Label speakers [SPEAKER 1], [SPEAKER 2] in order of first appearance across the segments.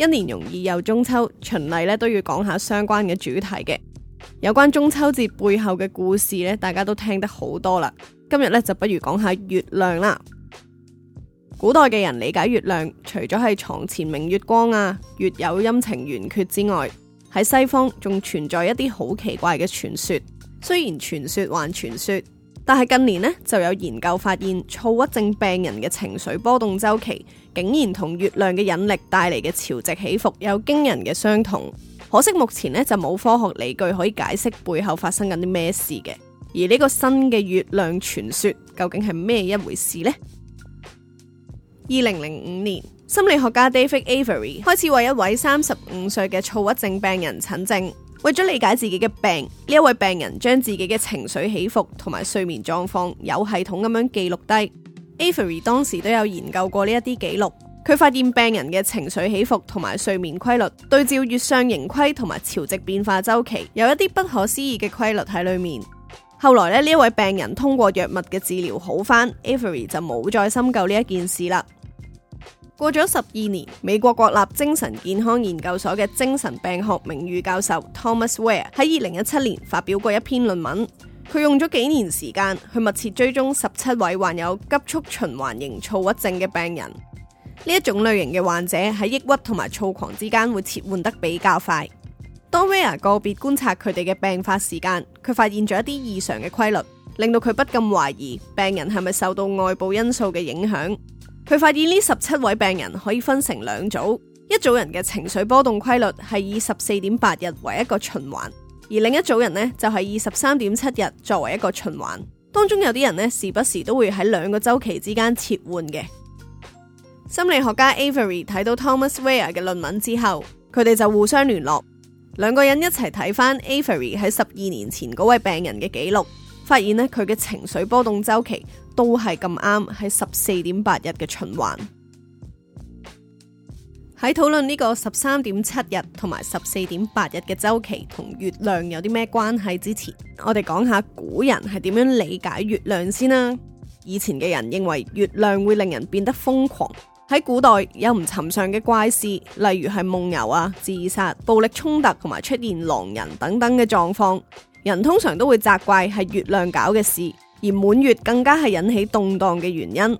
[SPEAKER 1] 一年容易又中秋，循例咧都要講下相關嘅主題嘅。有關中秋節背後嘅故事咧，大家都聽得好多啦。今日咧就不如講下月亮啦。古代嘅人理解月亮，除咗係床前明月光啊，月有陰晴圓缺之外，喺西方仲存在一啲好奇怪嘅傳說。雖然傳說還傳說。但係近年呢，就有研究發現，躁鬱症病人嘅情緒波動週期，竟然同月亮嘅引力帶嚟嘅潮汐起伏有驚人嘅相同。可惜目前呢，就冇科學理據可以解釋背後發生緊啲咩事嘅。而呢個新嘅月亮傳說究竟係咩一回事呢？二零零五年，心理學家 David Avery 開始為一位三十五歲嘅躁鬱症病人診症。為咗理解自己嘅病，呢一位病人將自己嘅情緒起伏同埋睡眠狀況有系統咁樣記錄低。Avery 當時都有研究過呢一啲記錄，佢發現病人嘅情緒起伏同埋睡眠規律對照月相盈虧同埋潮汐變化周期，有一啲不可思議嘅規律喺裏面。後來咧，呢一位病人通過藥物嘅治療好翻，Avery 就冇再深究呢一件事啦。過咗十二年，美國國立精神健康研究所嘅精神病學名譽教授 Thomas Ware 喺二零一七年發表過一篇論文。佢用咗幾年時間去密切追蹤十七位患有急速循環型躁鬱症嘅病人。呢一種類型嘅患者喺抑鬱同埋躁狂之間會切換得比較快。當 Ware 個別觀察佢哋嘅病發時間，佢發現咗一啲異常嘅規律，令到佢不禁懷疑病人係咪受到外部因素嘅影響。佢發現呢十七位病人可以分成兩組，一組人嘅情緒波動規律係以十四點八日為一個循環，而另一組人呢就係以十三點七日作為一個循環。當中有啲人呢，時不時都會喺兩個周期之間切換嘅。心理學家 Avery 睇到 Thomas Ware 嘅論文之後，佢哋就互相聯絡，兩個人一齊睇翻 Avery 喺十二年前嗰位病人嘅記錄。發現咧，佢嘅情緒波動週期都係咁啱，喺十四點八日嘅循環。喺討論呢個十三點七日同埋十四點八日嘅週期同月亮有啲咩關係之前，我哋講下古人係點樣理解月亮先啦。以前嘅人認為月亮會令人變得瘋狂。喺古代有唔尋常嘅怪事，例如係夢遊啊、自殺、暴力衝突同埋出現狼人等等嘅狀況。人通常都會責怪係月亮搞嘅事，而滿月更加係引起動盪嘅原因。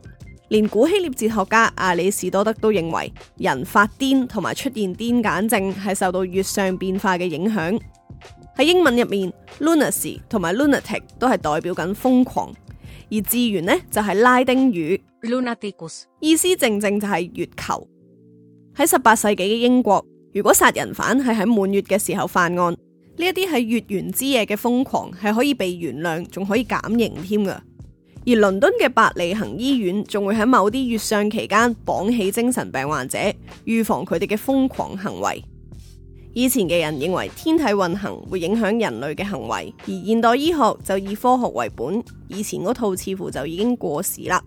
[SPEAKER 1] 連古希臘哲學家亞里士多德都認為，人發癲同埋出現癲癇症係受到月相變化嘅影響。喺英文入面，lunacy 同埋 lunatic 都係代表緊瘋狂，而字源呢就係、是、拉丁語 lunaticus，意思正正就係月球。喺十八世紀嘅英國，如果殺人犯係喺滿月嘅時候犯案。呢一啲喺月圓之夜嘅瘋狂係可以被原諒，仲可以減刑添㗎。而倫敦嘅百利行醫院仲會喺某啲月相期間綁起精神病患者，預防佢哋嘅瘋狂行為。以前嘅人認為天體運行會影響人類嘅行為，而現代醫學就以科學為本，以前嗰套似乎就已經過時啦。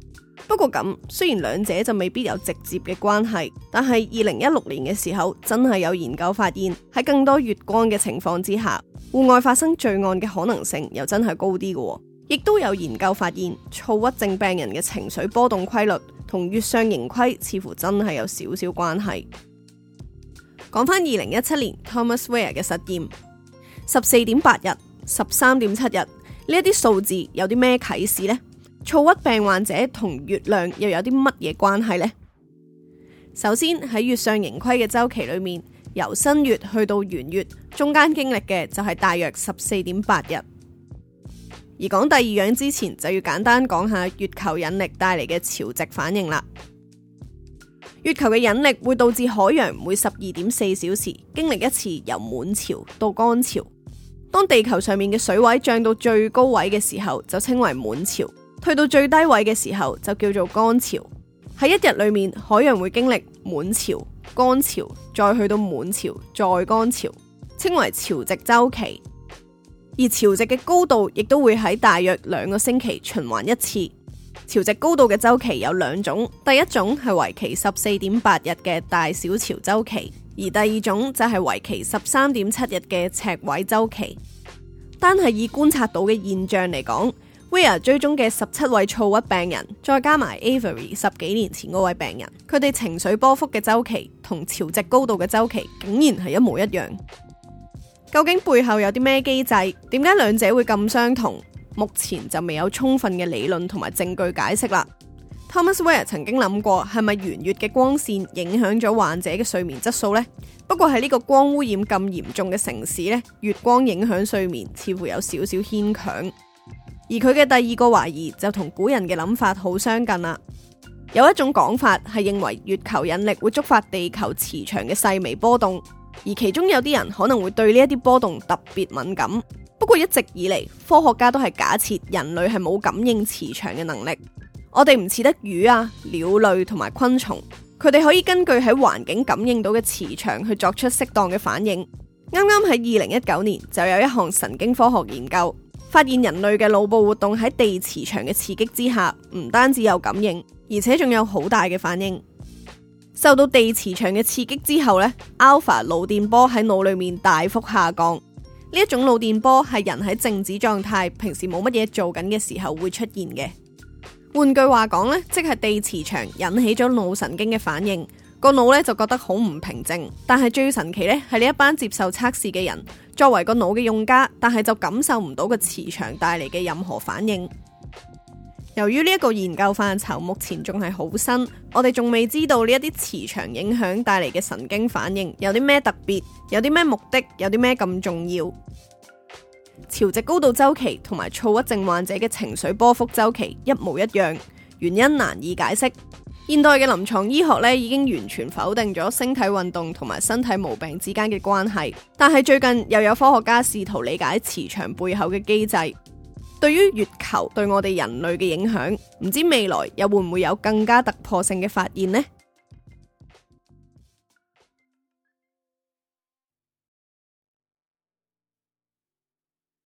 [SPEAKER 1] 不過咁，雖然兩者就未必有直接嘅關係，但係二零一六年嘅時候真係有研究發現，喺更多月光嘅情況之下，戶外發生罪案嘅可能性又真係高啲嘅。亦都有研究發現，躁鬱症病人嘅情緒波動規律同月相盈虧似乎真係有少少關係。講翻二零一七年 Thomas Ware 嘅實驗，十四點八日、十三點七日呢一啲數字有啲咩啟示呢？躁鬱病患者同月亮又有啲乜嘢關係呢？首先喺月上盈虧嘅周期裏面，由新月去到圓月，中間經歷嘅就係大約十四點八日。而講第二樣之前，就要簡單講下月球引力帶嚟嘅潮汐反應啦。月球嘅引力會導致海洋每十二點四小時經歷一次由滿潮到乾潮。當地球上面嘅水位漲到最高位嘅時候，就稱為滿潮。去到最低位嘅時候就叫做乾潮。喺一日裏面，海洋會經歷滿潮、乾潮，再去到滿潮、再乾潮，稱為潮汐周期。而潮汐嘅高度亦都會喺大約兩個星期循環一次。潮汐高度嘅周期有兩種，第一種係為期十四點八日嘅大小潮周期，而第二種就係為期十三點七日嘅赤緯周期。單係以觀察到嘅現象嚟講。Weir 追蹤嘅十七位躁鬱病人，再加埋 Avery 十幾年前嗰位病人，佢哋情緒波幅嘅周期同潮汐高度嘅周期，竟然係一模一樣。究竟背後有啲咩機制？點解兩者會咁相同？目前就未有充分嘅理論同埋證據解釋啦。托馬斯韋爾曾經諗過，係咪圓月嘅光線影響咗患者嘅睡眠質素呢？不過喺呢個光污染咁嚴重嘅城市咧，月光影響睡眠似乎有少少牽強。而佢嘅第二個懷疑就同古人嘅諗法好相近啦。有一種講法係認為月球引力會觸發地球磁場嘅細微波動，而其中有啲人可能會對呢一啲波動特別敏感。不過一直以嚟，科學家都係假設人類係冇感應磁場嘅能力。我哋唔似得魚啊、鳥類同埋昆蟲，佢哋可以根據喺環境感應到嘅磁場去作出適當嘅反應。啱啱喺二零一九年，就有一項神經科學研究。發現人類嘅腦部活動喺地磁場嘅刺激之下，唔單止有感應，而且仲有好大嘅反應。受到地磁場嘅刺激之後咧，alpha 腦電波喺腦裏面大幅下降。呢一種腦電波係人喺靜止狀態、平時冇乜嘢做緊嘅時候會出現嘅。換句話講呢，即係地磁場引起咗腦神經嘅反應，個腦咧就覺得好唔平靜。但係最神奇咧係呢一班接受測試嘅人。作為個腦嘅用家，但係就感受唔到個磁場帶嚟嘅任何反應。由於呢一個研究範疇目前仲係好新，我哋仲未知道呢一啲磁場影響帶嚟嘅神經反應有啲咩特別，有啲咩目的，有啲咩咁重要。潮汐高度週期同埋躁鬱症患者嘅情緒波幅週期一模一樣，原因難以解釋。現代嘅臨床醫學咧，已經完全否定咗星體運動同埋身體毛病之間嘅關係。但係最近又有科學家試圖理解磁場背後嘅機制，對於月球對我哋人類嘅影響，唔知未來又會唔會有更加突破性嘅發現呢？